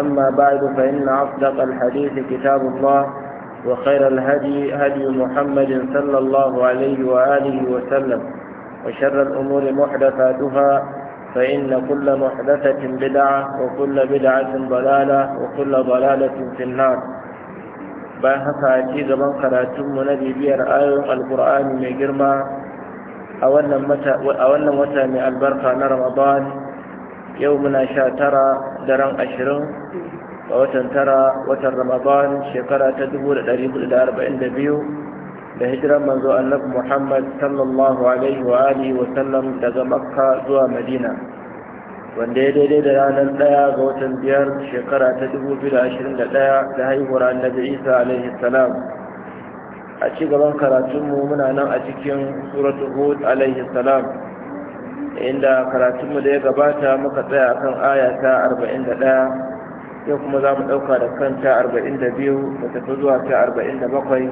أما بعد فإن أصدق الحديث كتاب الله وخير الهدي هدي محمد صلى الله عليه وآله وسلم وشر الأمور محدثاتها فإن كل محدثة بدعة وكل بدعة ضلالة وكل ضلالة في النار باهك أتيز من قراتم نبي بير آية القرآن من جرما أولا متى أولا متى من البركة رمضان يومنا شاترا daren ashirin ga watan tara watan ramadan shekara ta dubu da ɗari hudu da arba'in da biyu da hijiran manzo annabi muhammad sallallahu alaihi wa alihi wa sallam daga makka zuwa madina wanda ya daidai da ranar daya ga watan biyar shekara ta dubu biyu da ashirin da ɗaya da haihuwar annabi isa alaihi salam a ci gaban karatunmu muna nan a cikin suratul hud alaihi salam inda karatunmu da ya gabata muka tsaya kan aya ta 41 yau kuma za mu ɗauka da kan ta 42 da tafi zuwa ta 47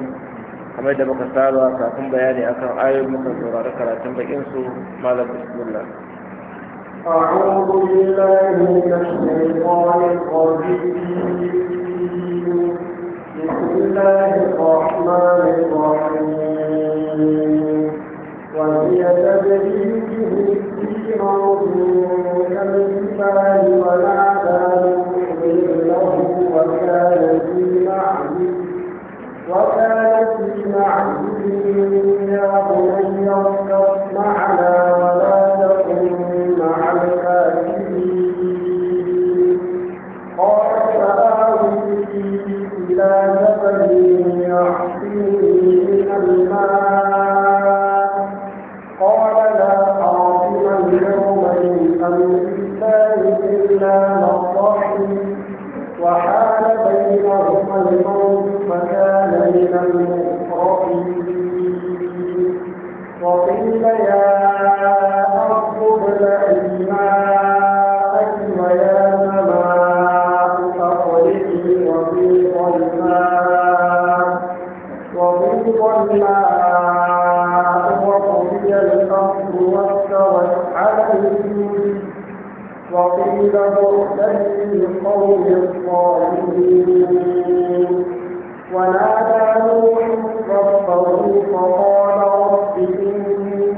kamar da muka saba kafin bayani akan ayoyin muka saurari karatun bakin su malam bismillah أعوذ بالله من الشيطان الرجيم بسم الله الرحمن الرحيم وهي تجري به في موج كالجبال ونادى له وكان في وكان في يا بني اركب معنا ولا تكن مع الكافرين قال فآوي إلى جبل يحصيني لله إلا مصاحب وحال بينهما الموت فكان من المقربين وقيل يا أرض ابلعي ماءك ويا سماء أقلعي وغيظ الماء وغيظ الماء وقيل بؤسا القوم الظالمين ونادى نوح ربه فقال رب إن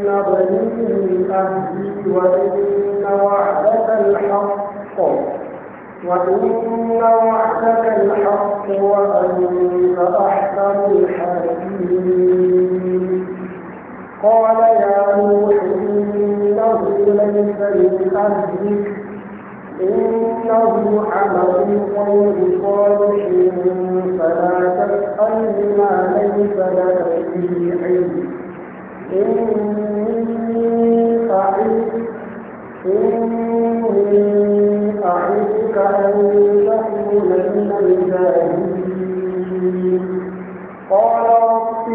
ابني من أهلي وإن وعدك الحق وإن وعدك الحق وأنت احسن الحاكمين قال يا نوح إنه ليس من أهلك إنه حميد غير صالح فلا تسأل ما ليس لك به علم إني أعزك إني أعزك أن تكون من الجاهلين قال رب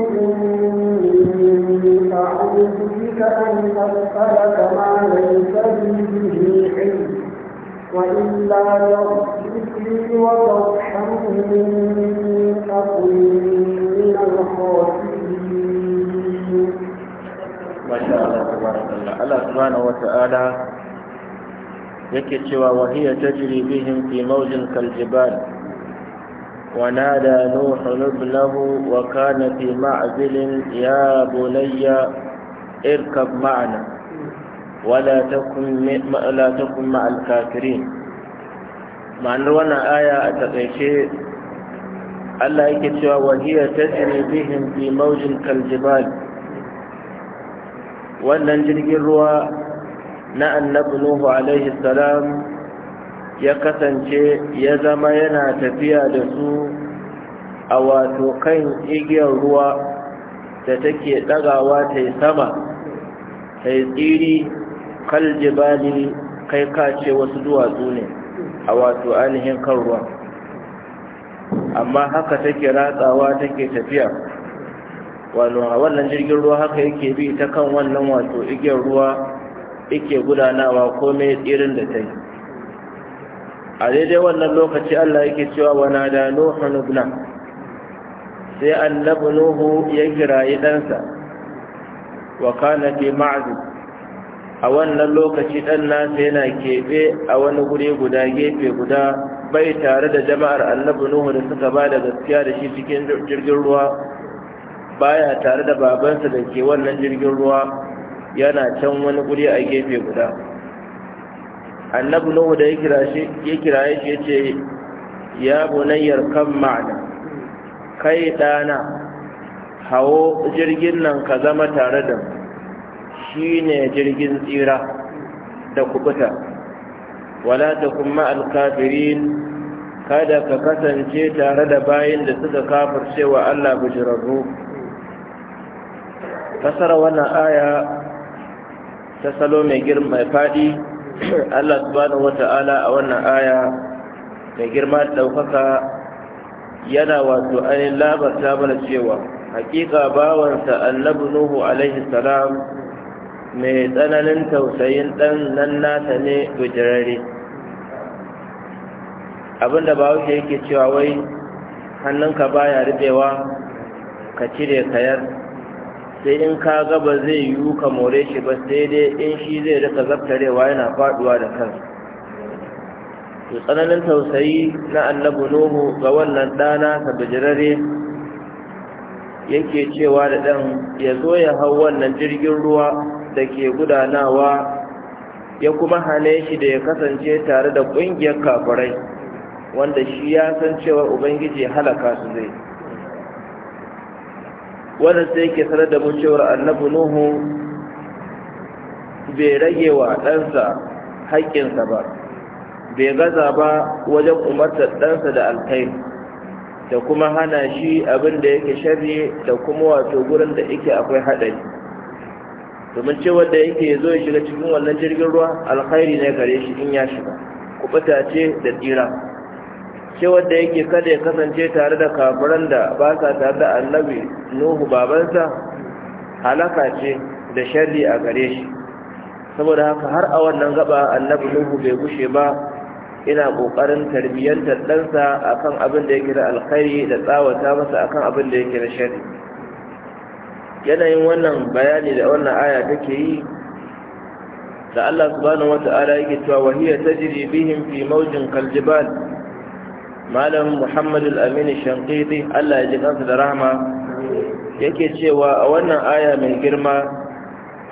إني أعوذ بك أن أسألك ما ليس به علم وإلا يغفرني وترحمني أكن من الخاسرين ما شاء الله تبارك الله الله سبحانه وتعالى yake cewa تجري بهم في موج كالجبال ونادى نوح ابنه وكان في معزل يا بني اركب معنا wala ta kuma alkafirin ma'anar wannan aya a taɓaice allah yake cewa wahiyar ta tsiri bihin fi maujin kaljibal wannan jirgin ruwa na Annabi nuhu alaihi salam ya kasance ya zama yana tafiya da su a wato kan igiyar ruwa da take ɗagawa ta yi sama ta yi tsiri jibali kai ka ce wasu duwatsu ne a wato ainihin kan ruwa amma haka take ratsawa take tafiya wato a wannan jirgin ruwa haka yake bi ta kan wannan wato igiyar ruwa yake gudanawa komai tsirin da ta yi a daidai wannan lokaci Allah yake cewa wana da Nuhu nubna sai annabi Nuhu ya yi ɗansa wa kana fi ma'azi a wannan lokaci ɗan nasa yana keɓe a wani guri guda gefe guda bai tare da jama'ar annabi nuhu da suka ba da gaskiya da shi cikin jirgin ruwa baya tare da babansa da ke wannan jirgin ruwa yana can wani guri a gefe guda annabi nuhu da ya kiraye shi ya ce ya bunayyar kan ma'ana kai ɗana hawo jirgin nan ka zama tare da mu Shi ne jirgin tsira da kubuta wala da kuma alkafirin kada ka kasance tare da bayin da suka kafar cewa Allah bujirarru fasara wannan aya ta salo mai girma mai fadi Allah subhanahu wata'ala a wannan aya mai girma daukaka yana wato ainihin labarta mana cewa hakika bawansa annabi nuhu alaihi salam mai tsananin tausayin ɗan nan nasa ne bujirare abinda ba wuce yake cewa wai hannunka baya rubewa ka cire kayar sai in ka ga ba zai yiwu ka more shi ba sai dai in shi zai rika zaftarewa yana faduwa da kan. su tsananin tausayi na annabu nuhu ga wannan ɗana ka bijirare yake cewa da ɗan ya zo ya hau wannan jirgin ruwa da ke gudanawa ya kuma hane shi da ya kasance tare da ƙungiyar kafirai wanda shi ya san cewa ubangiji halaka su zai wanda sai ke sanar da mu cewar annabi nuhu bai rage wa ɗansa haƙƙinsa ba bai gaza ba wajen umartar ɗansa da alkai da kuma hana shi abin da yake shari da kuma wato gurin da yake akwai haɗari domin ce da yake zo ya shiga cikin wannan jirgin ruwa alkhairi ne gare shi in ya shiga kubuta ce da tsira ce wanda yake kada ya kasance tare da kafiran da ba sa tare da annabi nuhu babansa halaka ce da sharri a gare shi saboda haka har a wannan gaba annabi nuhu bai gushe ba ina kokarin tarbiyyantar ɗansa akan abin da yake da alkhairi da tsawata masa akan abin da yake da sharri yanayin wannan bayani da wannan aya take yi da Allah subhanahu wata'ala yake cewa wahiya tajri bihim fi mawjin kaljibal malam Muhammad al-Amin Shanqiti Allah ya ji kansa da rahama yake cewa a wannan aya mai girma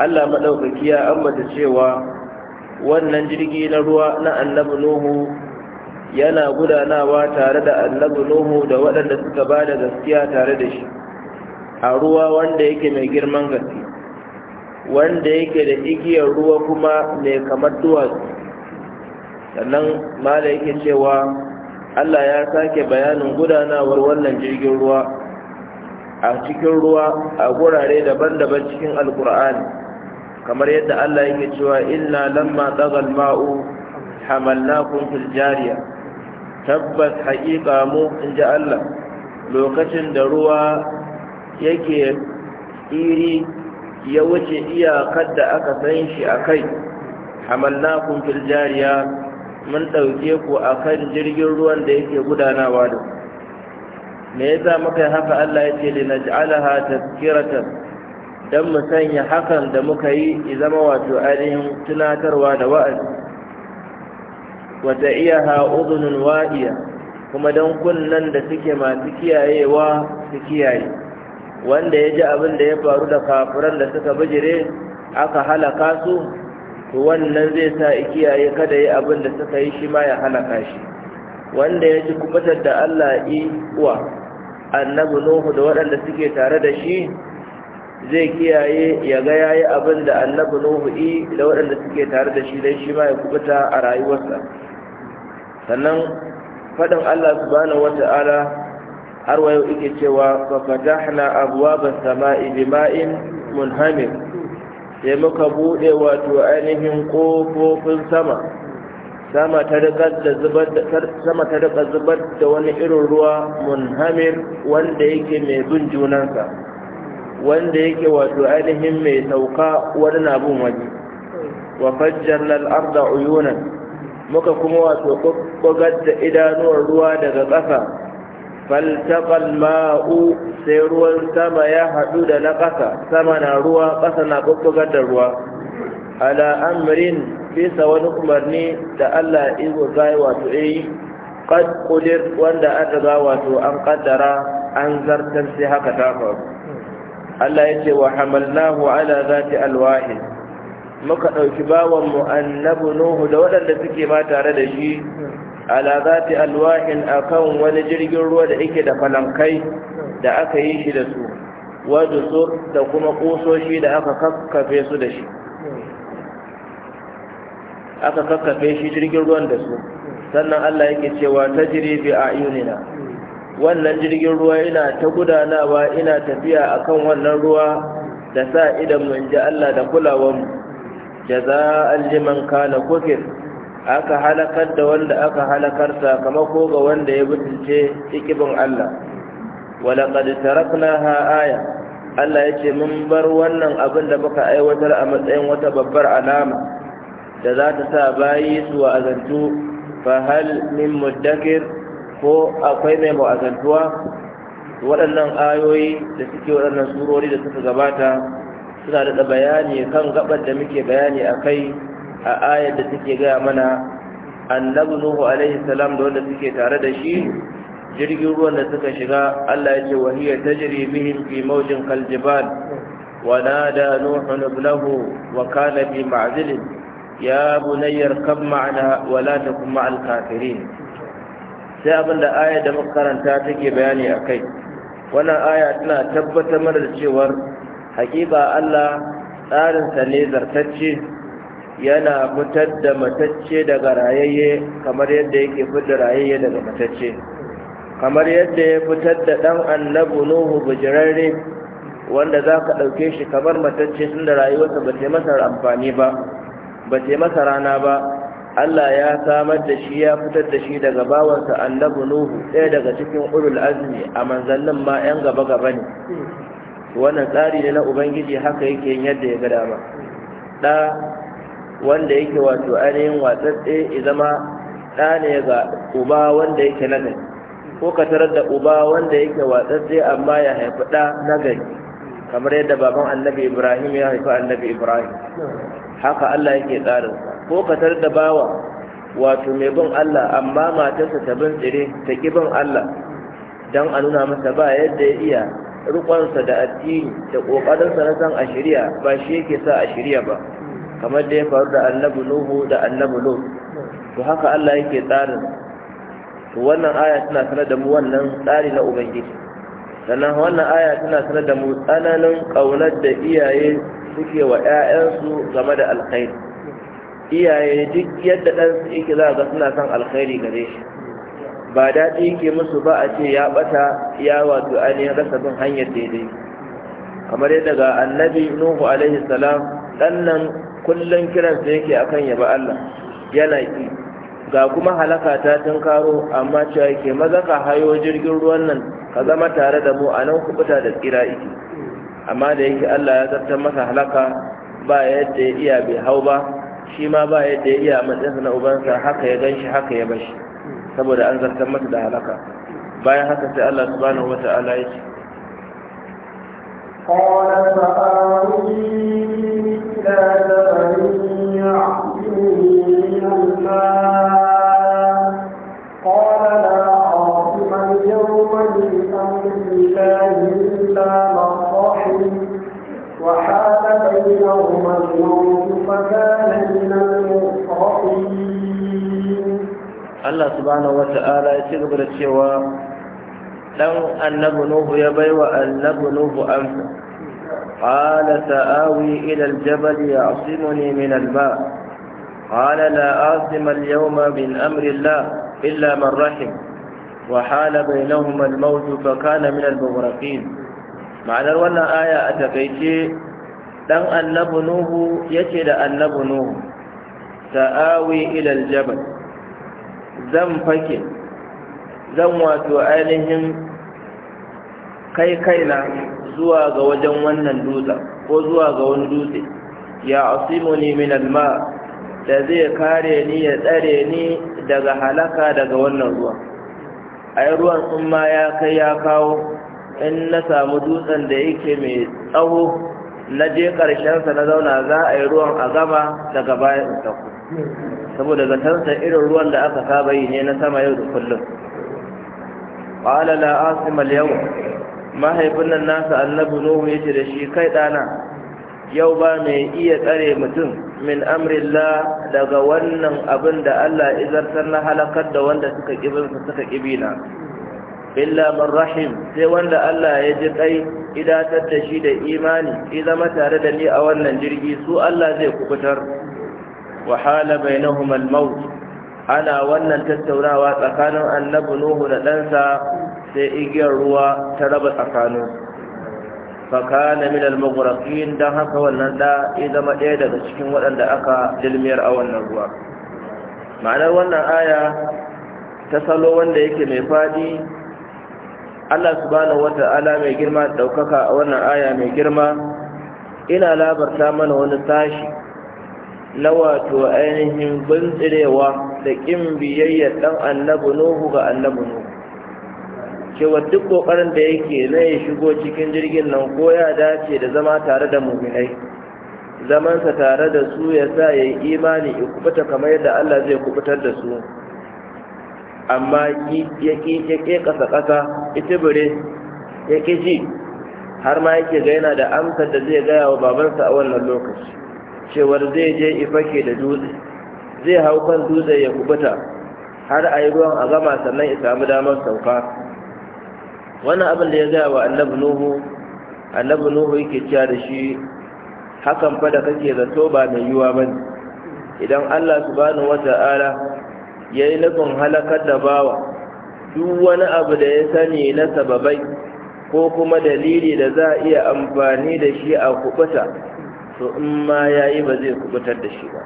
Allah madaukaki ya ambata cewa wannan jirgi na ruwa na annabi Nuhu yana gudanawa tare da annabi Nuhu da waɗanda suka bada gaskiya tare da shi a ruwa wanda yake mai girman gaske wanda yake da igiyar ruwa kuma mai kamar duwatsu sannan mala yake cewa allah ya sake bayanin gudanawar wannan jirgin ruwa a cikin ruwa a gurare daban-daban cikin alkur'ani kamar yadda allah yake cewa inna lamma dagal ma'u hamalnakum fil jariya tabbas haƙiƙa mu in ji allah lokacin da ruwa yake iri ya wuce iyakar da aka san shi a kai Kun filjariya mun ɗauke ku a kan jirgin ruwan da yake gudanawa da me yasa muka haka Allah ya ce li naj'alaha kirata? dan mu sanya hakan da muka yi ya zama wato ainihin tunatarwa da wa'azi wa ha udhunun wa'iya kuma dan kunnan da suke masu kiyayewa su kiyaye wanda ya ji abin da ya faru da kafiran da suka bijire aka halaka su to wannan zai sa ikiyaye kada yi abin da suka yi shi ma ya halaka shi wanda ya ji kubutar da Allah yi uwa annabi Nuhu da waɗanda suke tare da shi zai kiyaye ya ga yayi abin da annabi Nuhu yi da waɗanda suke tare da shi dan shi ma ya kubuta a rayuwarsa sannan faɗin Allah subhanahu wata'ala har wayo ike cewa fa fatahna abwaba samai ma'in munhamir sai muka buɗe wato ainihin ƙofofin sama sama ta rika zubar da sama ta zubar da wani irin ruwa munhamir wanda yake mai bin junansa wanda yake wato ainihin mai sauka wani na bin wani wa fajjar al-arda uyunan muka kuma wato kogar da idanuwar ruwa daga ƙasa فالتقى الماء سيروا سما يحدد لقصة سما ناروا قصة نقصة قد الروا على أمر في سوى نقمرني تألا إذ غاي واتعي قد قدر وأن أرغى واتو أن قدر أنذر تمسي هكا تاخر Allah ya ce wa hamalnahu ala zati alwahin muka ɗauki bawan mu annabu nuhu da waɗanda suke ma tare da shi ala zati alwahin akan wani jirgin ruwa da yake da falankai da aka yi shi da su su da kuma kusoshi da aka kakkafe su da shi aka kakkafe shi jirgin ruwan da su sannan Allah yake cewa ta jiri a ayunina wannan jirgin ruwa yana ta gudanawa ina tafiya akan wannan ruwa da sa idan mun ji Allah da kulawanmu jaza'an liman kana kufir aka halakar da wanda aka halakar sakamako ga wanda ya butulce ikibin Allah walaƙad taraknaha aya Allah ya ce mun bar wannan abin da muka aiwatar a matsayin wata babbar alama da za ta sa bayi su wa'azantu fa hal min muddakir ko akwai mai wa'azantuwa waɗannan ayoyi da suke waɗannan surori da suka gabata suna da bayani kan gabar da muke bayani a kai a ayar da take gaya mana annabi nuhu alaihi salam da wanda suke tare da shi jirgin ruwan da suka shiga Allah ya ce wa hiya tajri bihim fi mawjin kal jibal wa nada nuhu wa kana bi ya bunayyar kan ma'ana wa la kuma ma'al kafirin sai abinda ayar da makaranta take bayani akai wannan aya tana tabbatar mana da cewar haƙiƙa Allah tsarinsa ne zartacce yana fitar da matacce daga rayayye kamar yadda yake fitar rayayye daga matacce kamar yadda ya fitar da ɗan annabu nuhu bujirarre wanda za ka ɗauke shi kamar matacce tun da rayuwarsa ba ta masa amfani ba ba ta masa rana ba Allah ya samar da shi ya fitar da shi daga bawansa annabu nuhu ɗaya daga cikin ulul azmi a manzannin ma 'yan gaba-gaba ne wannan tsari ne na ubangiji haka yake yin yadda ya ga dama ɗa wanda yake wato ainihin watsatse ya zama ɗa ne ga uba wanda yake nagari ko ka tarar da uba wanda yake watsatse amma ya haifi ɗa nagari kamar yadda baban annabi ibrahim ya haifi annabi ibrahim haka allah yake tsarin ko ka tarar da bawa wato mai bin allah amma matarsa ta bin tsire ta ki bin allah don a nuna masa ba yadda ya iya rukonsa da addini da ƙoƙarinsa na san a shirya ba shi yake sa a shirya ba kamar da ya faru da annabi nuhu da annabi nuhu to haka Allah yake tsarin to wannan aya tana sanar da mu wannan tsari na ubangiji sannan wannan aya tana sanar da mu tsananin kaunar da iyaye suke wa ƴaƴansu game da alkhairi iyaye duk yadda ɗan su yake za ga suna son alkhairi gare shi ba daɗi yake musu ba a ce ya ɓata ya wato ainihin rasa bin hanyar daidai kamar yadda ga annabi nuhu alaihi salam ɗan nan kullum kiransa yake akan yaba Allah yana ki ga kuma halaka ta tunkaro amma cewa yake maza ka hayo jirgin ruwan nan ka zama tare da mu a nan kubuta da tsira iki amma da yake Allah ya zartar masa halaka ba yadda ya iya bai hau ba shi ma ba yadda ya iya matsayinsa na ubansa haka ya ganshi haka ya bashi saboda an zartar masa da halaka bayan haka sai Allah subhanahu wata'ala ya ce قال إلا من رحم وحال بينهما الموت فكان من المصرفين الله سبحانه وتعالى يتقبل الشواء لو أن نوه يبي وأن نوه أمس قال سآوي إلى الجبل يعصمني من الماء قال لا أعصم اليوم من أمر الله إلا من رحم وحال بينهما الموت فكان من المغرقين ma'anar wannan aya a takaice dan annabi nuhu yace da annabi nuhu ta'awi ila aljabal zan fake zan wato ainihin kai kaina zuwa ga wajen wannan dutsen ko zuwa ga wani dutse ya asimuni min alma da zai kare ni ya tsare ni daga halaka daga wannan ruwa ai ruwan in ma ya kai ya kawo in na samu dutsen da yake mai tsawo na je ƙarshensa na zauna za a yi ruwan a gama daga bayan in ku. saboda zantarsa irin ruwan da aka saba yi ne na sama yau da kullum ƙwala la asimal yau mahaifin nan nasa annabi nuhu ya ce da shi kai ɗana yau ba mai iya tsare mutum min amrillah daga wannan abin da allah izartar na halakar da wanda suka ƙibinsa suka ƙibina illa man rahim sai wanda Allah ya ji kai idatar da shi da imani ya zama tare da ni a wannan jirgi su Allah zai kubutar wahala hala bainahum al-maut ana wannan tattaunawa tsakanin annabi nuhu da ɗansa sai igiyar ruwa ta raba tsakanin fakana min al-mughraqin dan haka wannan da ya zama ɗaya daga cikin waɗanda aka dilmiyar a wannan ruwa ma'anar wannan aya ta salo wanda yake mai fadi Allah subhanahu wata'ala mai girma daukaka a wannan aya mai girma ina labarta mana wani sashi na wato ainihin bintsirewa da kin biyayya ɗan annabi Nuhu ga annabi Nuhu cewa duk kokarin da yake na ya shigo cikin jirgin nan ko ya dace da zama tare da mu'minai zamansa tare da su ya sa ya yi imani ya kubuta kamar yadda Allah zai kubutar da su amma ya ke ƙasa kasa ita bire ya ƙi ji har ma yake ga yana da amsar da zai gaya wa babansa a wannan lokaci cewar zai je ifake da dutse zai hau kan dutse ya kubuta har ayi ruwan a gama sannan ya samu damar sauka wannan abin da ya gaya wa annabi nuhu annabi nuhu yake cewa da shi hakan fa da kake zato ba mai yiwuwa ba idan allah subhanahu wata'ala ya yi nufin halakar da bawa duk wani abu da ya sani na sababai ko kuma dalili da za a iya amfani da shi a kubuta to in ma ya yi ba zai kubutar da shi ba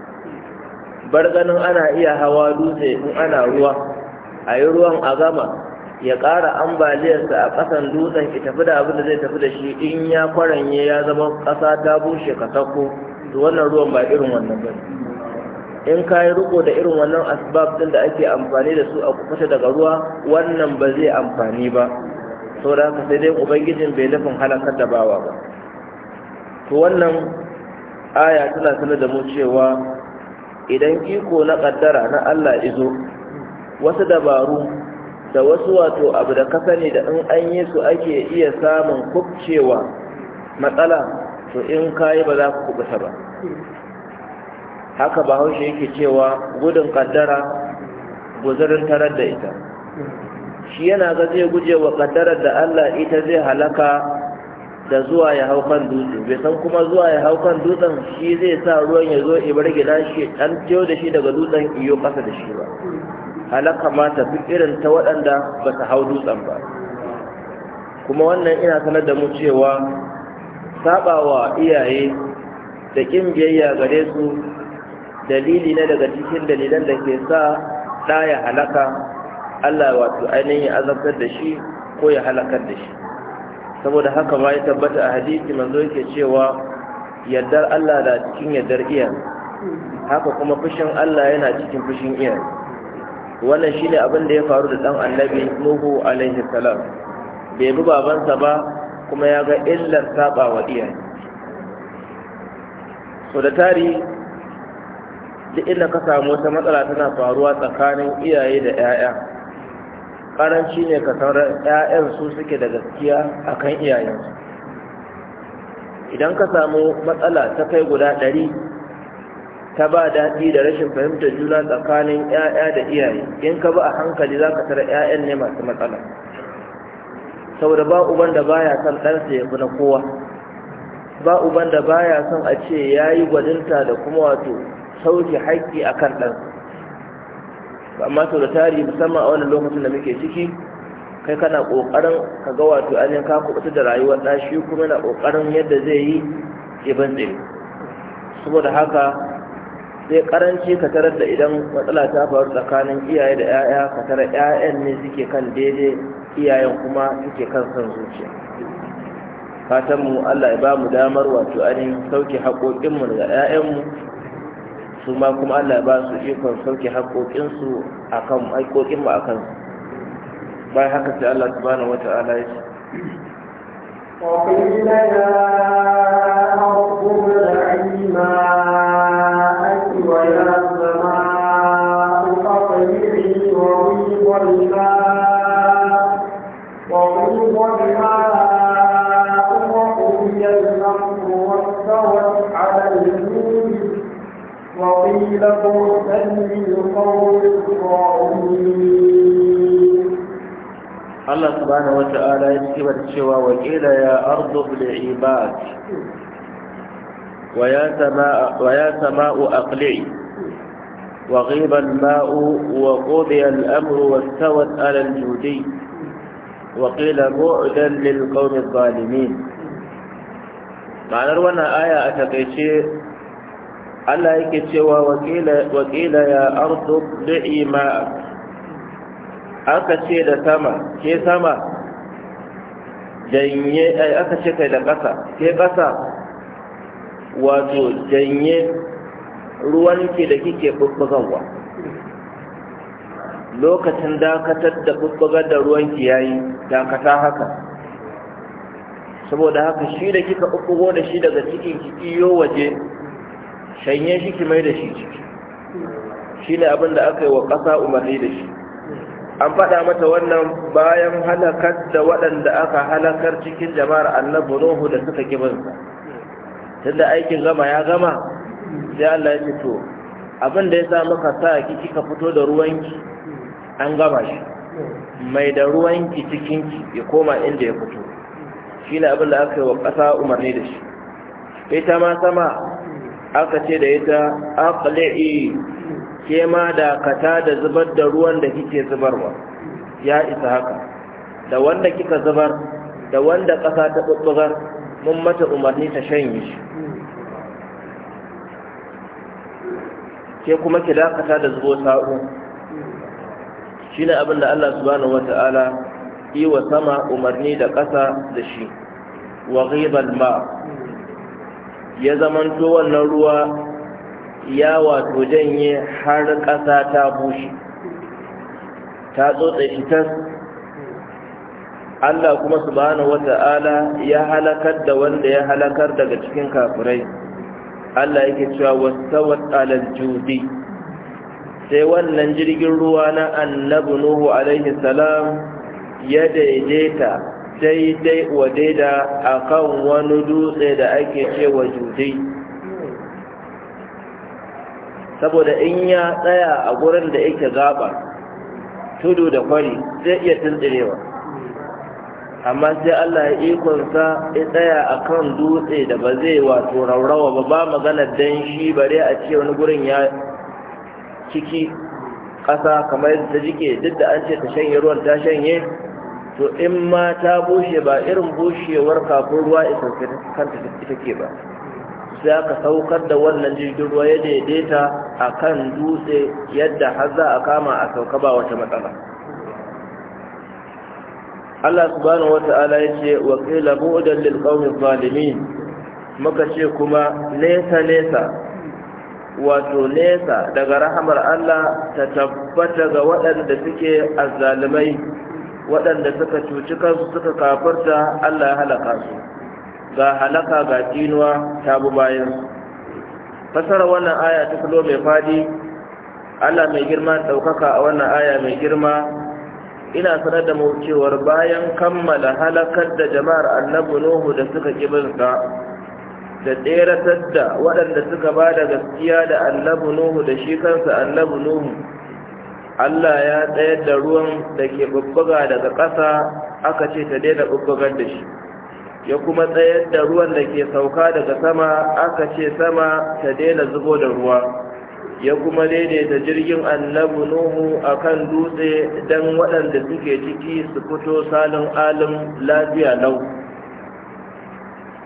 bar ganin ana iya hawa dutse in ana ruwa a yi ruwan a gama ya ƙara ambaliyarsa a ƙasan dutsen ki tafi da abin da zai tafi da shi in ya kwaranye ya zama ƙasa ta bushe ka sako to wannan ruwan ba irin wannan ba in ka yi riko da irin wannan asbab din da ake amfani da su a kusa daga ruwa wannan ba zai amfani ba da haka sai dai ubangijin bai nufin halakar da bawa ba to wannan aya tana sanar da mu cewa idan iko na kaddara na Allah izo wasu dabaru da wasu wato abu da ka sani da in an yi su ake iya samun kubcewa matsala to in yi ba za ku kubuta ba haka bahaushe yake cewa gudun kaddara guzurin tarar da ita shi yana ga zai guje wa kaddarar da Allah ita zai halaka da zuwa ya hau kan dutse bai san kuma zuwa ya hau kan dutsen shi zai sa ruwan ya zo ibar gida shi dan tiyo da shi daga dutsen iyo kasa da shi ba halaka ma ta fi irin ta waɗanda ba ta hau dutsen ba kuma wannan ina sanar da mu cewa sabawa iyaye da ƙin biyayya gare su dalili na daga cikin dalilan da ke sa ɗaya ya halaka Allah wato ainihin ya azabtar da shi ko ya halakar da shi saboda haka ma ya tabbata a hadisi manzo yake cewa yardar Allah da cikin yardar iya. haka kuma fushin Allah yana cikin fushin iya wannan shine abin da ya faru da dan annabi Nuhu alaihi salam bai bi babansa ba kuma ya ga illar saba wa iyaye so da tari duk inda ka samu wata matsala tana faruwa tsakanin iyaye da 'ya'ya ƙaranci ne ka san 'ya'yan su suke da gaskiya a kan iyayensu idan ka samu matsala ta kai guda ɗari ta ba daɗi da rashin fahimtar juna tsakanin 'ya'ya da iyaye in ka ba a hankali za ka tara 'ya'yan ne masu matsala saboda ba uban da baya son ɗansa ya fi na kowa ba uban da baya son a ce ya yi gwadinta da kuma wato sauke haƙƙi a kan ɗan. amma sau da tari musamman a wannan lokacin da muke ciki kai kana ƙoƙarin ka ga wato ainihin ka kuɓuta da rayuwar ɗan shi kuma na ƙoƙarin yadda zai yi ibin banɗe. saboda haka sai ƙaranci ka tarar da idan matsala ta faru tsakanin iyaye da 'ya'ya ka tarar 'ya'yan ne suke kan daidai iyayen kuma suke kan son zuciya fatanmu Allah ya ba mu damar wato ainihin sauke haƙoƙinmu daga 'ya'yanmu su ma kuma Allah ba su ikon sauke haƙoƙinsu a kan haƙoƙinmu a kansu bayan haka sai Allah subhanahu wa ta'ala ya ce وقيل يا أرض ابلعي ماءك وقيل بعدا للقوم الظالمين الله سبحانه وتعالى يكتب الشوى وقيل يا أرض بالعباد ويا سماء, ويا سماء أقلعي وغيب الماء وقضي الأمر واستوت على الجودي وقيل بعدا للقوم الظالمين معنى wannan آية a Allah yake cewa wakila ya ardu da'i ma aka ce da sama ke sama janye ai eh, aka ce kai da ƙasa ke ƙasa wato janye ruwanki da kike bubbugawa lokacin dakatar da bubbugar da ruwanki yayi dakata haka saboda haka shi da kika bubbugo da shi daga cikin iyo waje shanye shi ki mai da shi ciki shi ne abin da aka yi wa ƙasa umarni da shi an faɗa mata wannan bayan halakar da waɗanda aka halakar cikin jama'ar annabu nuhu da suka kibinsa tunda aikin gama ya gama sai Allah ya fito abin da ya sa maka sa ki kika fito da ruwanki an gama shi mai da ruwanki cikinki ya koma inda ya fito shi ne abin da aka yi wa ƙasa umarni da shi ita ma sama aka ce da ita aqli'i ke ma kata da zubar da ruwan da kike zubarwa ya isa haka da wanda kika zubar da wanda ƙasa ta ɓuɓɓugar mun mata umarni ta shanye shi ke kuma ki dakata da zubo sa'o shi ne abin da Allah subhanahu wa ta'ala yi wa sama umarni da ƙasa da shi wa ghibal ma' ya zamanto wannan ruwa ya wato janye har ƙasa ta bushe ta tsotse shi Allah kuma subhanahu wata'ala ya halakar da wanda ya halakar daga cikin kafirai Allah yake cewa wasawat alal judi sai wannan jirgin ruwa na annabi Nuhu alaihi salam ya daidaita daidai wa daida a kan wani dutse da ake wa jude saboda in ya tsaya a gurin da yake gaba tudu da kwari zai iya tunturewa. amma sai Allah ya ikonsa ya tsaya a kan dutse da ba zai wato raurawa ba ba maganar don shi bare a ce wani gurin ya ciki ƙasa kamar yadda ta jike duk da an ce ta shanye ruwan ta shanye to in ma ta bushe ba irin bushewar kafin ruwa isa kanta ita ke ba sai aka saukar da wannan jirgin ruwa ya daidaita a kan dutse yadda har za a kama a sauka ba wata matsala Allah subhanahu wa ta'ala ya ce wa qila bu'dan lil qawmi zalimin muka ce kuma nesa nesa wato nesa daga rahamar Allah ta tabbata ga waɗanda suke azzalimai waɗanda suka cuci kansu suka kafarta Allah ya halaka su ga halaka ga tinuwa ta bi bayan fasara wannan aya ta kulo mai fadi Allah mai girma ɗaukaka a wannan aya mai girma ina sanar da mu bayan kammala halakar da jama'ar annabi Nuhu da suka kibinsa da tseratar da waɗanda suka ba da gaskiya da annabi Nuhu da shi kansa annabi Nuhu Allah ya tsayar da ruwan da ke bubbuga daga ƙasa aka ce ta daina bubbugar da shi ya kuma tsayar da ruwan da ke sauka daga sama aka ce sama ta daina zubo da ruwa ya kuma daidaita jirgin annabu nuhu a kan dutse don waɗanda suke ciki su fito salin alim lafiya lau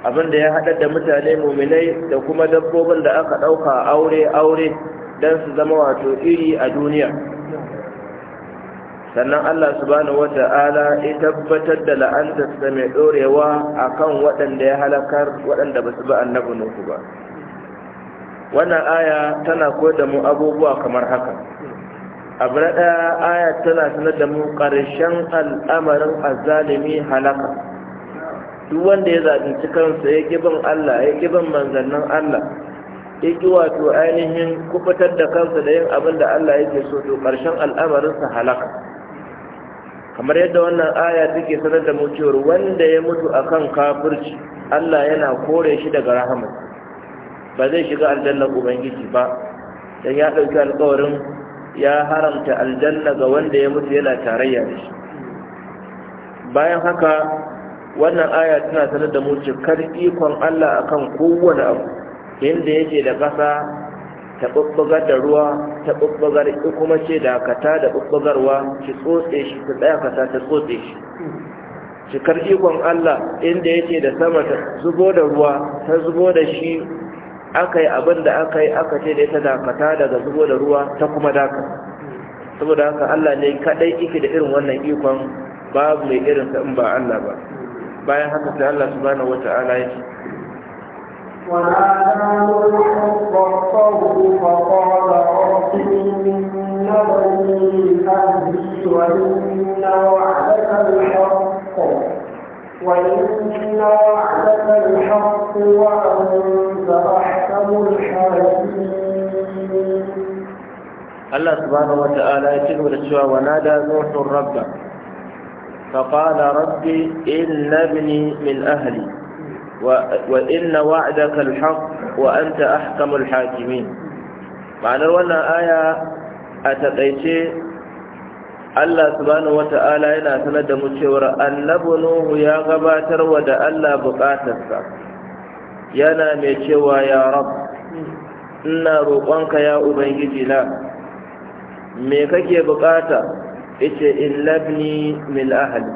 Abin da ya haɗa da mutane muminai da kuma dabbobin da aka ɗauka aure aure don su zama wato iri a duniya sannan Allah subhanahu wata'ala ya tabbatar da la'antarsa mai a kan waɗanda ya halakar waɗanda ba su ba annabi nuhu ba wannan aya tana koyar da mu abubuwa kamar haka abu na ɗaya aya tana sanar da mu ƙarshen al'amarin azalimi halaka duk wanda ya zaɓinci kansa ya ƙiban Allah ya ƙiban manzannin Allah ya ƙi wato ainihin kubutar da kansa da yin abin da Allah yake so to ƙarshen al'amarinsa halaka kamar yadda wannan aya take sanar da mu cewa wanda ya mutu akan kafirci Allah yana kore shi daga rahama ba zai shiga aljannar ubangiji ba dan ya dauki alƙawarin ya haramta aljanna ga wanda ya mutu yana tarayya da shi bayan haka wannan aya tana sanar da mu kar ikon Allah akan kowane abu inda yake da ƙasa ta ɓaɓɓagar da ruwa ta ɓaɓɓagar in kuma ce dakata da ɓaɓɓagarwa ki tsotse shi ta dakata ta tsotse shi cikar ikon Allah inda yake da sama ta zubo da ruwa ta zubo da shi aka yi abin da aka yi aka ce da ta dakata daga zubo da ruwa ta kuma daka. saboda haka Allah ne kaɗai yake da irin wannan ikon babu mai irin sa in ba Allah ba bayan haka sai Allah subhanahu wata'ala ya ce ونادى نوح فقال رب إن وإن وعدك الحق وإن وعدك الحق الله سبحانه وتعالى يتلو للسوى ونادى نوح ربه فقال ربي إن ابني من أهلي وإن وعدك الحق وأنت hakimi? الحاكمين wannan aya آية أتقيتي Allah subhanahu wata'ala yana sanar da mu cewar annabi Nuhu ya gabatar wa da Allah bukatarsa yana mai cewa ya rab ina roƙonka ya ubangiji na me kake bukata yace in ni min ahli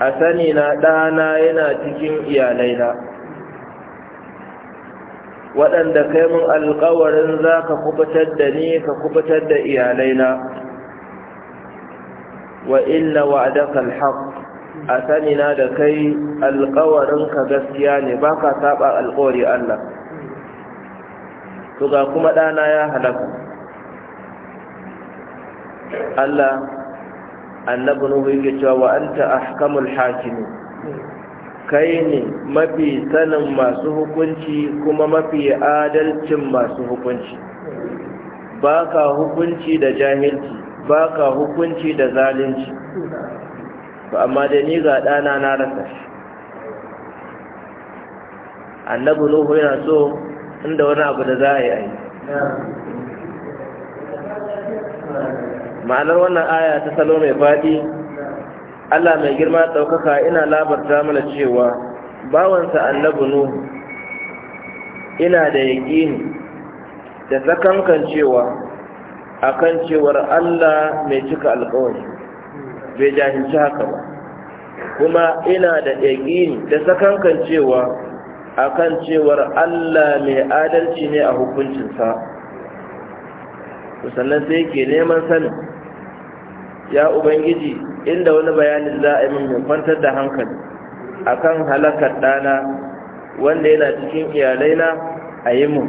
a sani na ɗana yana cikin iyalaina waɗanda kai mun alkawarin za ka kubutar da ni ka kubutar da iyalaina wa inna wa'adaka alhaq a sani na da kai alkawarin ka gaskiya ne ba ka saba alkawari Allah to ga kuma ɗana ya halaka Allah annabi nuhu yake cewa wa anta ahkamul hakimi kai ne mafi sanin masu hukunci kuma mafi adalcin masu hukunci baka hukunci da jahilci baka hukunci da zalunci amma da ni ga ɗana na rasa shi annabi nuhu yana so inda wani abu da za a yi ma'anar wannan aya ta salo mai faɗi Allah mai girma ɗaukaka ina labarta mana cewa bawansa annabi nu ina da yaƙini da sakankan cewa akan cewar Allah mai cika alƙawari bai jahilci haka ba kuma ina da yaƙini da sakankan cewa akan cewar Allah mai adalci ne a hukuncinsa sannan sai ke neman sanin ya ubangiji inda wani bayanin za a yi min kwantar da hankali akan halakar ɗana wanda yana cikin iyalaina a yi mun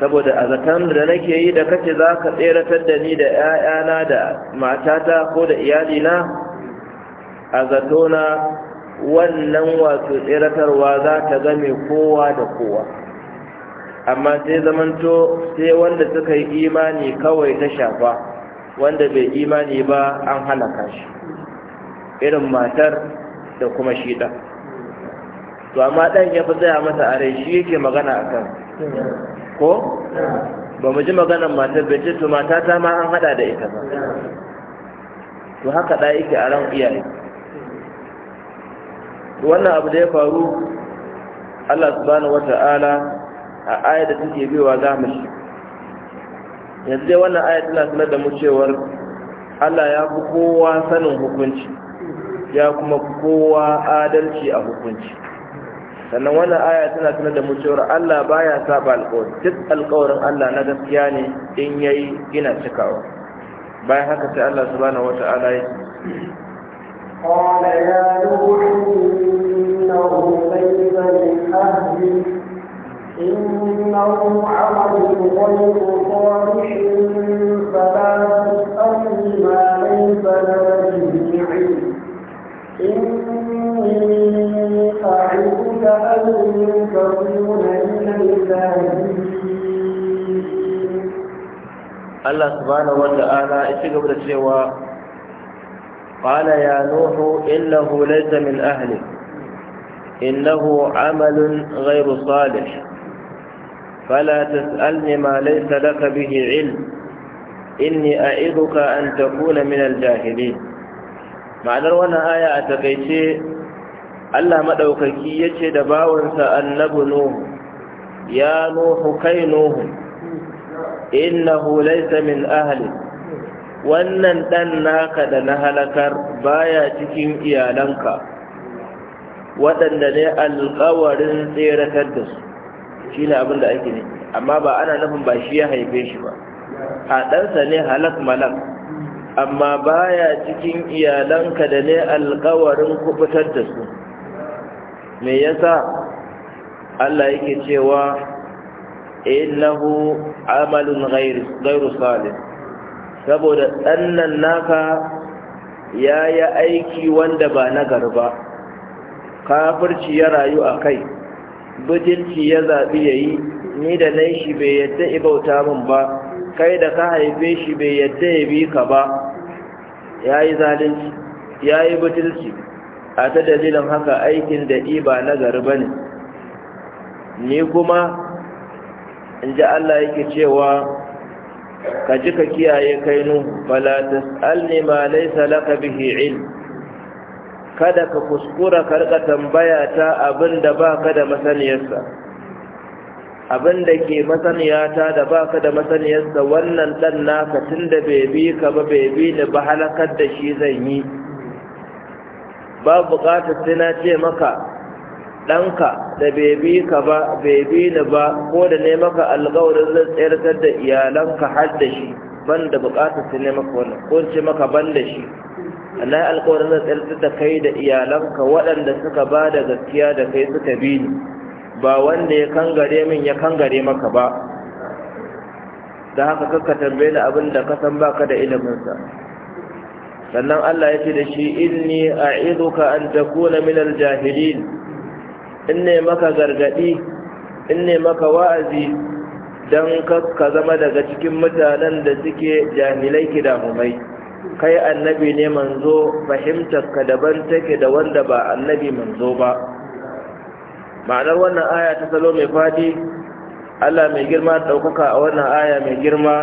saboda a zaton da nake yi da kace za ka tseratar da ni da 'ya'yana da matata ko da iyalina a na wannan wato tseratarwa za ta game kowa da kowa amma sai zamanto sai wanda suka yi imani kawai ta shafa wanda bai imani ba an halaka shi irin matar da kuma shi ɗan to amma ɗan ya fi tsaya masa a rai shi yake magana a kan ko ba mu ji maganan matar bai ce to mata ta ma an hada da ita ba to haka ɗaya yake a ran iyaye wannan abu da ya faru Allah subhanahu wata'ala a ayar da take biyowa za mu shi yanzu dai wannan ayat tana sanar da mu cewar Allah ya fi kowa sanin hukunci ya kuma kowa adalci a hukunci sannan wannan aya tana sanar da mu cewar Allah baya saba alƙawari duk alƙawarin Allah na gaskiya ne in yayi ina cikawa bayan haka sai Allah subhanahu wata'ala ya قال يا نوح إنه ليس من أهلك إنه عمل غير صالح فلا تسأل ما ليس لك به إني أعدك أن تكون من الكاذبين الله سبحانه وتعالى قال يا نوح إنه ليس من أهلك إنه عمل غير صالح فلا تسألني ما ليس لك به علم إني أعظك أن تكون من الجاهلين ma'anar wannan aya a takaice Allah maɗaukaki yace da bawansa annabu Nuhu, ya Nuhu kai Nuhu, innahu laisa min ahli wannan ɗan naka da na halakar baya cikin iyalanka waɗanda ne alƙawarin tseratar da su. shi ne abin da ake ne amma ba ana nufin ba shi ya haife shi ba A ɗansa ne halak malak amma baya cikin iyalanka da ne alkawarin kubutar da su me ya sa? Allah yake cewa innahu amalun gairu Salim. saboda ɗannan naka ya yi aiki wanda ba na garba kafirci ya rayu a kai bijirci ya zaɓi ya yi ni da nai shi bai yadda ibauta min ba kai da ka haife shi bai yadda ya bi ka ba ya yi zalunci ya yi bijirci a ta dalilin haka aikin da iba na garba ba ne ni kuma in ji Allah yake cewa ka ji ka kiyaye kainu fala tas'alni ma laysa laka bihi ilm kada ka kuskura ka rika tambaya ta abin ba ka da masaniyarsa abin da ke masaniyata da ba ka da masaniyarsa wannan ɗan naka tun da bai bi ka ba bai bi ni ba halakar da shi zan yi ba buƙatar sai ce maka ɗanka da bebi ka ba bebi ni ba ko da ne maka alƙawarin zan tsayar da iyalanka har da shi ban da buƙatar ne maka wannan ko ce maka ban shi Allah alƙawarin zan da kai da iyalanka waɗanda suka ba da gaskiya da kai suka bi ni ba wanda ya kangare min ya kangare maka ba da haka kakka tambaye ni abin da ka san baka da iliminsa sannan Allah ya ce da shi inni a'iduka an takuna min al-jahilin inne maka gargadi inne maka wa'azi dan ka zama daga cikin mutanen da suke jahilai kidamumai kai annabi ne manzo fahimtarka daban take da wanda ba annabi manzo ba ma'anar wannan aya ta salo mai fadi Allah mai girma ɗaukaka a wannan aya mai girma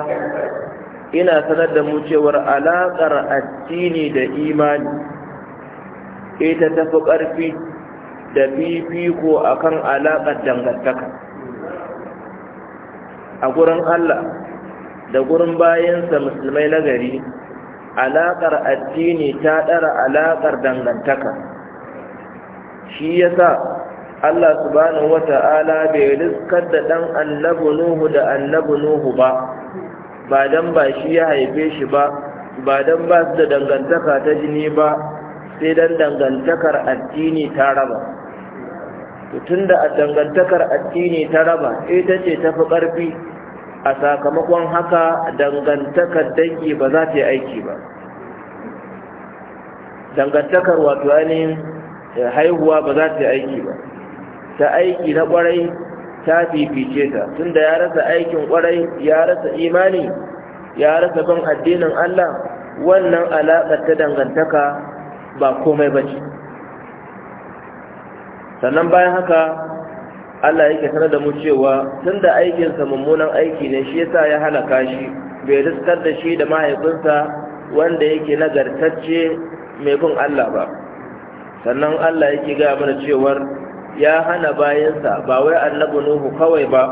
ina sanar da mu cewar alaƙar addini da imani ita tafi ƙarfi da fifiko akan alaƙar dangantaka a gurin Allah da gurin bayansa musulmai na gari alaƙar addini ta ɗara alaƙar dangantaka shi ya sa Allah subhanahu wata'ala bai riskar da ɗan annabu nuhu da annabu nuhu ba ba don ba shi ya haife shi ba ba don ba su da dangantaka ta jini ba sai don dangantakar addini ta raba tun da dangantakar addini ta raba ita ce ta fi ƙarfi a sakamakon haka dangantakar dangi ba za ta yi aiki ba dangantakar wato ainihin eh, haihuwa ba za ta yi aiki ba ta aiki na kwarai ta fifice ta tunda ya rasa aikin kwarai ya rasa imani ya rasa bin addinin Allah wannan alaƙar ta dangantaka ba komai ba ce sannan bayan haka Allah yake sanar da mu cewa tunda aikinsa mummunan aiki ne shi yasa ya halaka shi bai riskar da shi da mahaifinsa wanda yake nagartacce mai bin Allah ba sannan Allah yake gaya mana cewar ya hana bayansa ba wai annabu Nuhu kawai ba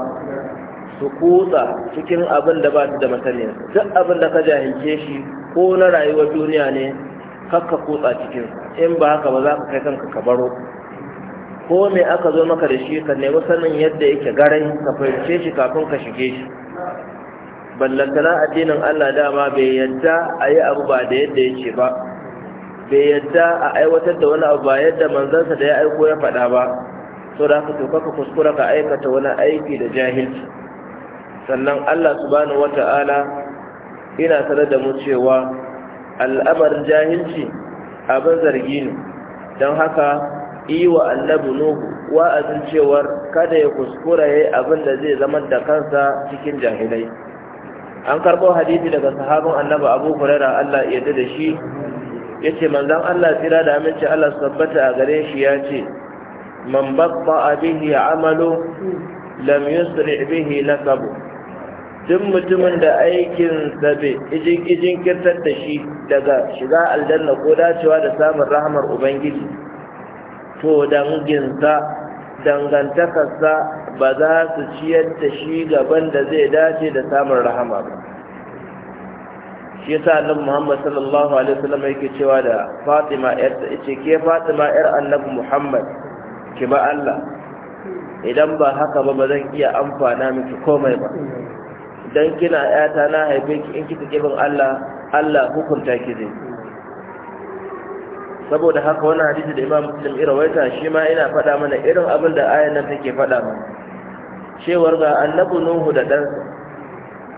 su kutsa cikin abin da ba su da masaniya duk abin da ka jahilce shi ko na rayuwar duniya ne kakka kutsa cikin in ba haka ba za ka kai kanka ka baro ko me aka zo maka da shi ka nemi sanin yadda yake garai ka fahimce shi kafin ka shige shi ballantana addinin Allah dama bai yadda a yi abu ba da yadda yake ba bai yadda a aiwatar da wani abu ba yadda manzansa da ya aiko ya faɗa ba sau da haka to kaka kuskura ka aikata wani aiki da jahilci sannan Allah subhanahu wata'ala ina sanar da mu cewa al'amarin jahilci abin zargi ne don haka yi wa annabi nuhu wa'azin cewar kada ya kuskura yayi abin da zai zama da kansa cikin jahilai an karɓo hadisi daga sahabin annabi abu hurairah Allah ya yarda da shi Ya yace manzon Allah tsira da aminci Allah tabbata a gare shi ya ce. man a bihi amalu lam yusri bihi nasabu duk mutumin da aikin sabe ijin ijin kirtar da shi daga shiga aljanna ko dacewa da samun rahmar ubangiji to danginsa dangantakarsa ba za su ciyar da shi gaban da zai dace da samun rahama ba shi yasa annabi Muhammad sallallahu alaihi wasallam yake cewa da Fatima yarta ce, ke Fatima yar annabi Muhammad ki ba Allah idan ba haka ba bazan iya amfana miki komai ba dan kina yata na haife ki in kika kibin Allah Allah hukunta ki zai saboda haka wani hadisi da Imam Muslim irawaita shi ma ina faɗa mana irin abin da ayan nan take faɗa mana cewar ga annabi Nuhu da ɗansa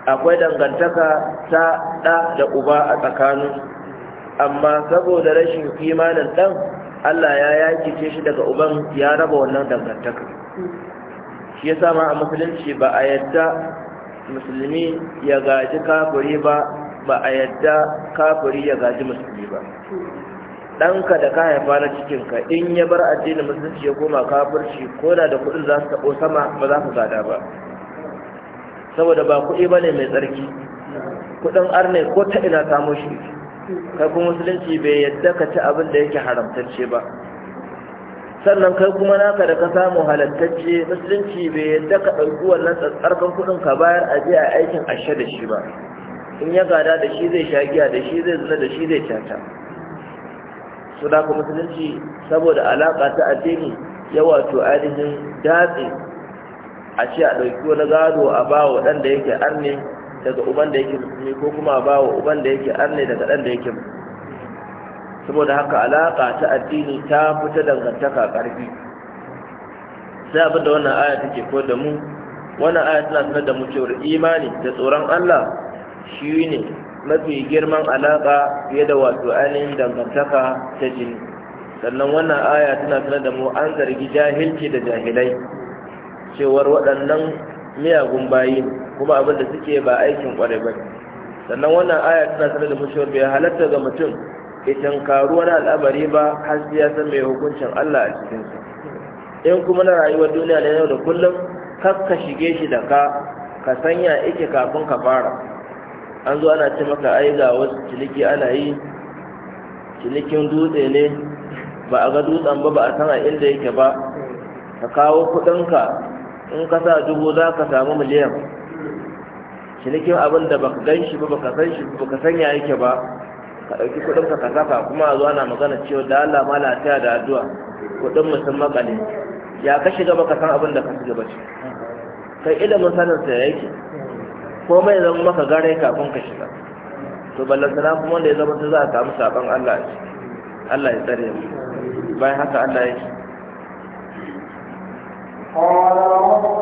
akwai dangantaka ta ɗa da uba a tsakanin amma saboda rashin imanin ɗan Allah ya yakice shi daga uban ya raba wannan dangantaka shi ya sama a musulunci ba a yadda musulmi ya gaji kafuri ba ba a yadda kafuri ya gaji musulmi ba ɗanka da ka haifa na cikinka in ya bar addinin musulunci ya koma kafirci ko da da kuɗin za su taɓo sama ba za su gada ba saboda ba kuɗi ba ne mai tsarki kuɗin arne ko ta ina samu shi kai kuma musulunci bai yadda ka ci abin da yake haramtacce ba sannan kai kuma naka da ka samu halattacce musulunci bai yadda ka ɗauki wannan tsarkan kuɗin ka bayar a je a aikin ashe da shi ba in ya gada da shi zai shagiya da shi zai zina da shi zai cata su da musulunci saboda alaƙa ta addini ya wato ainihin datse a ce a ɗauki wani gado a ba wa ɗan da yake arne daga uban da yake musulmi ko kuma a ba wa uban da yake arne daga ɗan da yake musulmi saboda haka alaƙa ta addini ta fita dangantaka ƙarfi sai abin da wannan aya take ko da mu wannan aya tana sanar da mu cewar imani da tsoron Allah shi ne mafi girman alaƙa fiye da wato ainihin dangantaka ta jini sannan wannan aya tana sanar da mu an zargi jahilci da jahilai cewar waɗannan miyagun bayi kuma abin da suke ba aikin ƙwarai ba sannan wannan aya tana sanar da mushewar bai halatta ga mutum itin karu wani al'amari ba har sai ya san mai hukuncin Allah a cikinsa in kuma na rayuwar duniya na yau da kullum kar ka shige shi da ka ka sanya ike kafin ka fara an zo ana ce maka ai ga wasu ciniki ana yi cinikin dutse ne ba a ga dutsen ba ba a san a inda yake ba ka kawo kuɗinka. in ka sa dubu za ka samu miliyan cinikin abin da ka gan shi ba ka san shi ka sanya yake ba ka ɗauki kuɗin ka ka saka kuma a zuwa na magana cewa da Allah ma lafiya da addu'a kuɗin mutum makale ya ka shiga ka san abin da ka shiga ba ce kai ilimin sanin sa yake mai zama maka gare kafin ka shiga to ballantana kuma wanda ya zama ta za a samu saban Allah ce Allah ya tsare mu bayan haka Allah ya ce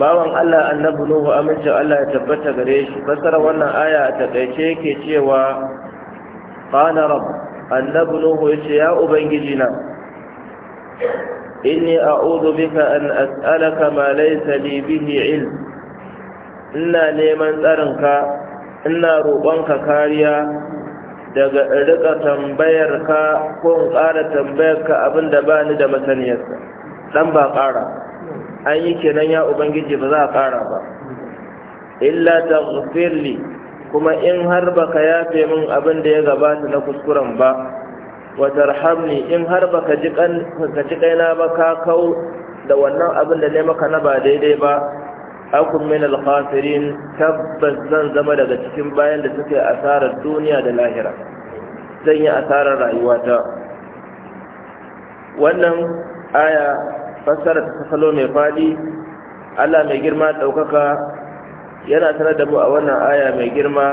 bawan Allah annabi Nuhu amince Allah ya tabbata gare shi fasara wannan aya ta takaice yake cewa qala rabb annabi Nuhu yace ya ubangiji na inni a'udhu bika an as'alaka ma laysa li bihi ilm ina neman tsarinka ina roƙonka kariya daga rika tambayar ka ko in ƙara tambayar ka abinda bani ni da masaniyarsa dan ba ƙara an yi kenan ya ubangiji ba za a ƙara ba illa ta kuma in har baka yafe min abin da ya gabata na kuskuren ba wa tarhamni in har baka ji kaina ba ka kau da wannan abin da ne maka na ba daidai ba akun min alkhasirin tabbas zan zama daga cikin bayan da suke asarar duniya da lahira zan yi asarar rayuwata wannan aya fassara ta salo mai fadi allah mai girma ɗaukaka yana sanar da mu a wannan aya mai girma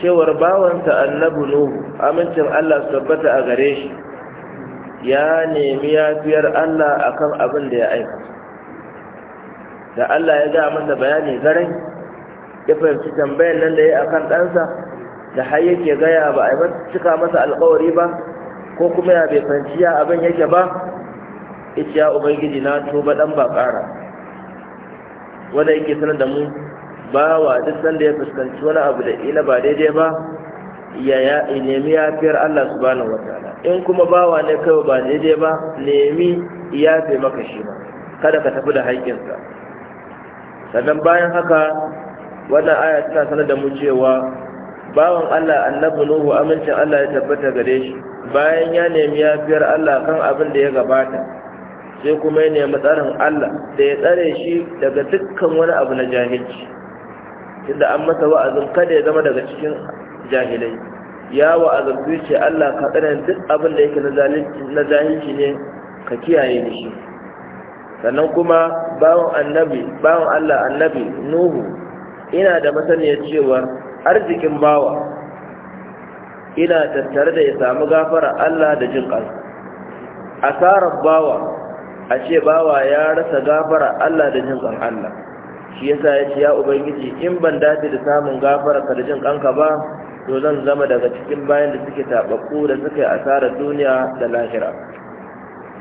cewar bawansa annabu nuhu amincin allah su tabbata a gare shi ya nemi yafiyar allah akan abin da ya aika da allah ya ga masa bayani garin? ya fahimci tambayan nan da ya akan ɗansa da har yake gaya ba a cika masa alkawari ba ko kuma ya bai fahimci ya abin yake ba ita ya ubangiji na tuba dan ba ƙara wanda yake sanar da mu bawa duk sanda ya fuskanci wani abu da ila ba daidai ba ya nemi yafiyar Allah subhanahu wataala in kuma bawa ne kai ba daidai ba nemi yafe maka shi ma kada ka tafi da hakinsa. sannan bayan haka wannan aya tana sanar da mu cewa bawan Allah annabi Nuhu amincin Allah ya tabbata gare shi bayan ya nemi yafiyar Allah kan abin da ya gabata sai kuma ya nemi tsarin Allah da ya tsare shi daga dukkan wani abu na jahilci tunda an masa wa'azin kada ya zama daga cikin jahilai ya wa'azin ce Allah ka tsare duk abin da yake na jahilci ne ka kiyaye da shi sannan kuma bawan annabi bawon Allah annabi Nuhu ina da masaniyar cewa arzikin bawa ina tattare da ya samu gafara Allah da jin ƙasa asarar bawa a ce bawa ya rasa gafara Allah da jin kan Allah shi yasa ya ce ya ubangiji in ban dace da samun gafara ka da jin kanka ba to zan zama daga cikin bayan da suke tabakku da suke asara duniya da lahira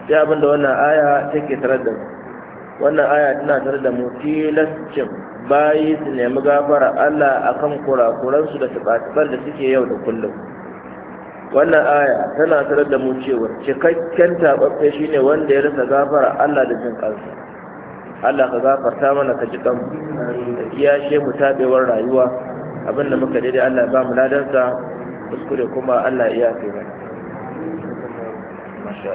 sai abin wannan aya take tarar da wannan aya tana tarar da mu bayi su nemi gafara Allah akan kurakuransu da tukatukar da suke yau da kullum wannan aya tana sanar da mu cewa cikakken shi ne wanda ya rasa gafara Allah da jin kansa Allah ka gafarta mana ka ji kan da she mu tabewar rayuwa abin da muka daidai Allah ba mu ladansa kuskure kuma Allah ya yafe mana masha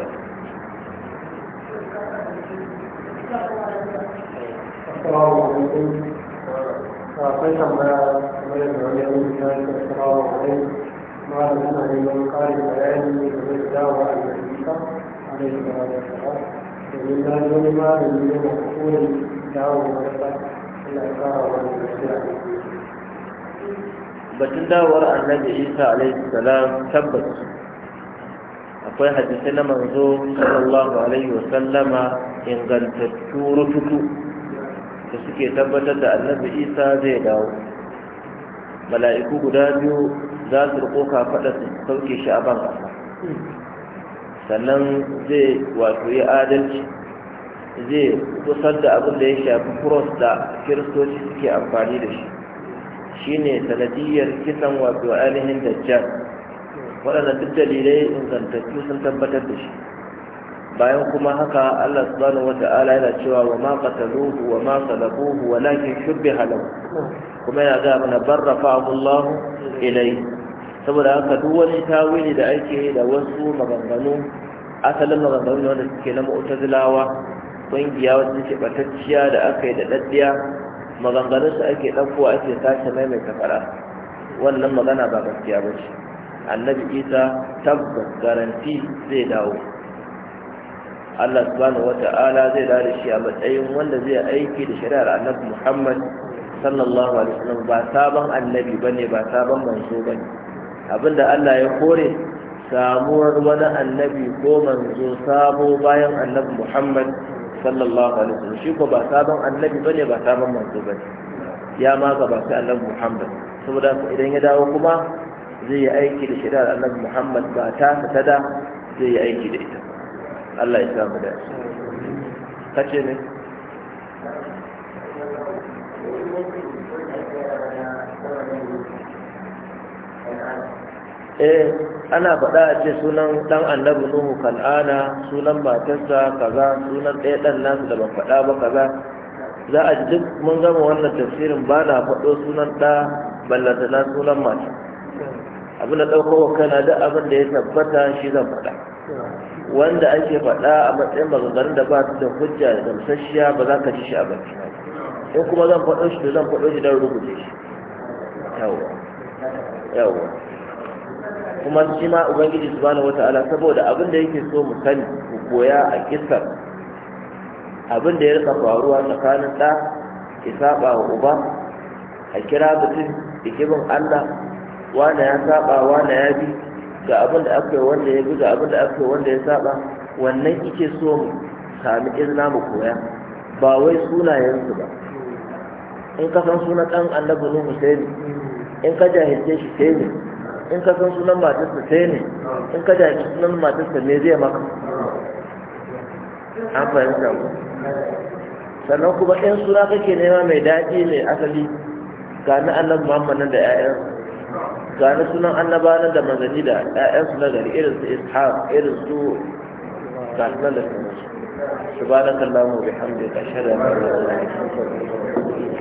Allah batun dawowar annabi isa alaihi salam tabbas akwai hadisai na manzo sallallahu alaihi wa sallama ingantattu rututu da suke tabbatar da annabi isa zai dawo mala'iku guda biyu za su riko kafaɗa faɗa sauke shi a ban ƙasa sannan zai wato yi adalci zai kusar da abin da ya shafi cross da kiristoci suke amfani da shi shine sanadiyar kisan wato ainihin dajjal waɗanda duk dalilai ingantattu sun tabbatar da shi bayan kuma haka Allah subhanahu wata'ala yana cewa wa ma qataluhu wa ma salabuhu walakin shubbiha lahu kuma yana ga mana barrafa Allah ilayhi saboda haka duk wani tawili da ake da wasu maganganu asalin maganganu ne wanda suke na mu'tazilawa kungiya wacce ce batacciya da aka yi da daddiya maganganun su ake ɗauko ake sace maimaita fara wannan magana ba gaskiya ba ce annabi isa tabbas garanti zai dawo Allah subhanahu Ta'ala, zai dawo da shi a matsayin wanda zai aiki da shari'ar annabi Muhammad sallallahu alaihi wasallam ba sabon annabi bane ba sabon manzo bane abinda Allah ya kore samuwar wani annabi ko manzo sabo bayan annabi Muhammad sallallahu alaihi wasallam shi ko ba sabon annabi bane ba sabon manzo bane ya ma sai annabi Muhammad saboda idan ya dawo kuma zai yi aiki da shari'ar annabi Muhammad ba ta ta da zai yi aiki da ita Allah ya samu da kace ne eh ana faɗa a ce sunan ɗan annabi nuhu kal'ana sunan matarsa kaza sunan ɗaya ɗan nasu da ba faɗa ba kaza za a duk mun gama wannan tafsirin ba na faɗo sunan ɗa ballata na sunan mata abin da ɗaukowa kana duk abin da ya tabbata shi zan faɗa wanda ake faɗa a matsayin maganganun da ba su da hujja da gamsasshiya ba za ka ci shi a baki in kuma zan faɗo shi to zan faɗo shi don rubuce shi yawwa yawwa kuma shi ma ubangiji subhanahu wata'ala saboda abin da yake so mu sani ku koya a kisar abin da ya rika faruwa tsakanin ɗa ki saba wa uba a kira mutum ikibin allah wane ya saba wane ya bi ga abin da aka wanda ya bi ga abin da aka wanda ya saba wannan ike so mu sami izina mu koya ba wai sunayensu ba in ka san sunan ɗan annabi nuhu sai in ka jahilce shi sai ne in ka san sunan matarsa sai ne in ka jami sunan matarsa ne zai maka an fahimta ku sannan kuma in suna kake nema mai daɗi mai asali ga na annabi muhammad da 'ya'yansa ga na sunan annaba na da manzanni da 'ya'yansu na gari irin su ishaq irin su kasuwan da su ba na kallon mu la ilaha illa anta